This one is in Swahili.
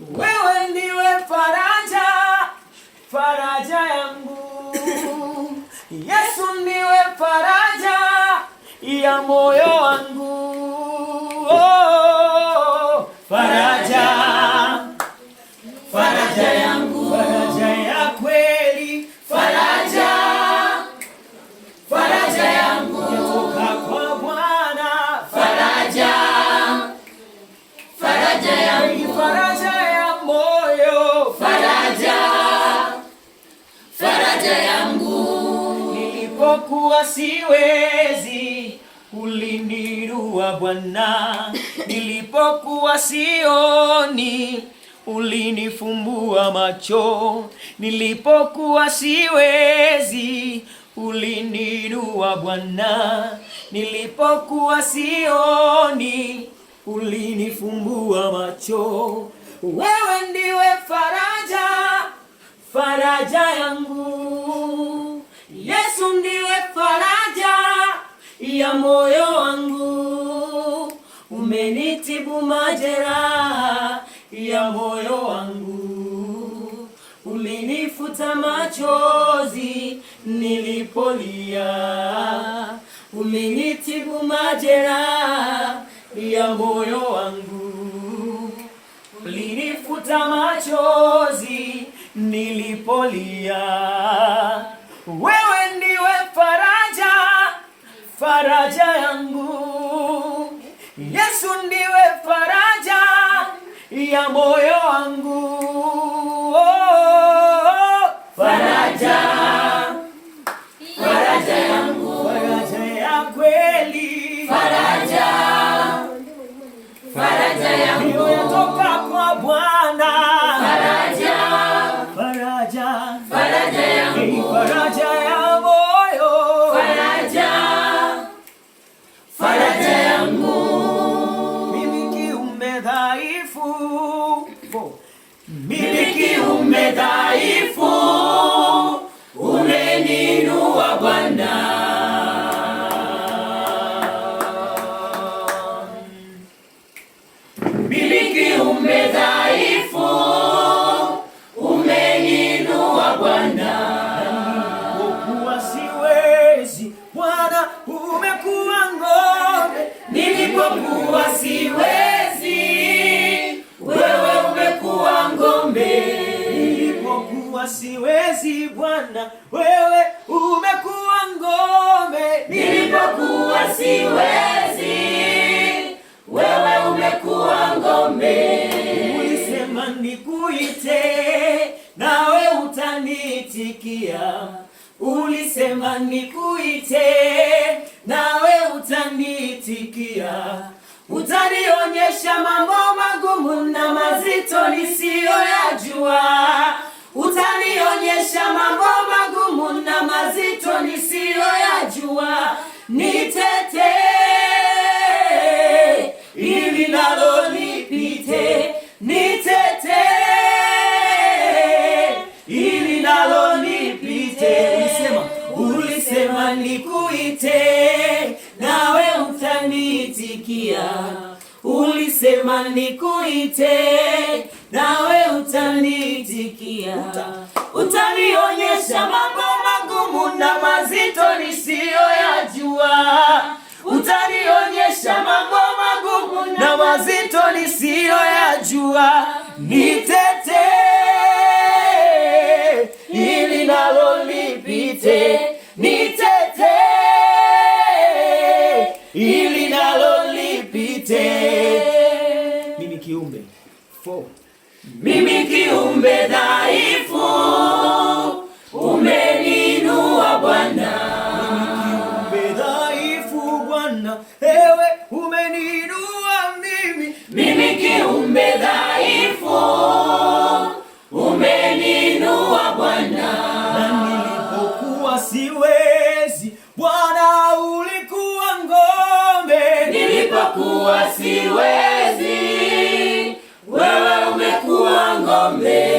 Wewe ndiwe faraja, faraja yangu Yesu ndiwe faraja ya moyo wangu. Kwa kuwa siwezi, ulinirua Bwana, nilipokuwa sioni ulinifumbua macho, nilipokuwa siwezi, ulinirua Bwana, nilipokuwa sioni, ulinifumbua macho. Wewe ndiwe faraja, faraja yangu ya moyo wangu, umenitibu majeraha ya moyo wangu, umenifuta machozi nilipolia, umenitibu majeraha ya moyo wangu, ulinifuta machozi nilipolia We faraja yangu, Yesu ndiwe faraja ya moyo Miliki umedai kunisikia, ulisema nikuite, nawe utaniitikia, utanionyesha mambo magumu na mazito nisiyoyajua, utanionyesha mambo magumu na mazito nisiyoyajua ni niite nawe utanitikia ulisema nikuite nawe utanitikia utanionyesha mambo magumu na mazito jua utanionyesha mambo magumu na mazito nisiyo viumbe dhaifu, umeninua Bwana. Ewe umeninua mimi, mimi kiumbe dhaifu, umeninua Bwana. Na nilipokuwa siwezi, Bwana ulikuwa ngome, nilipokuwa si Amen.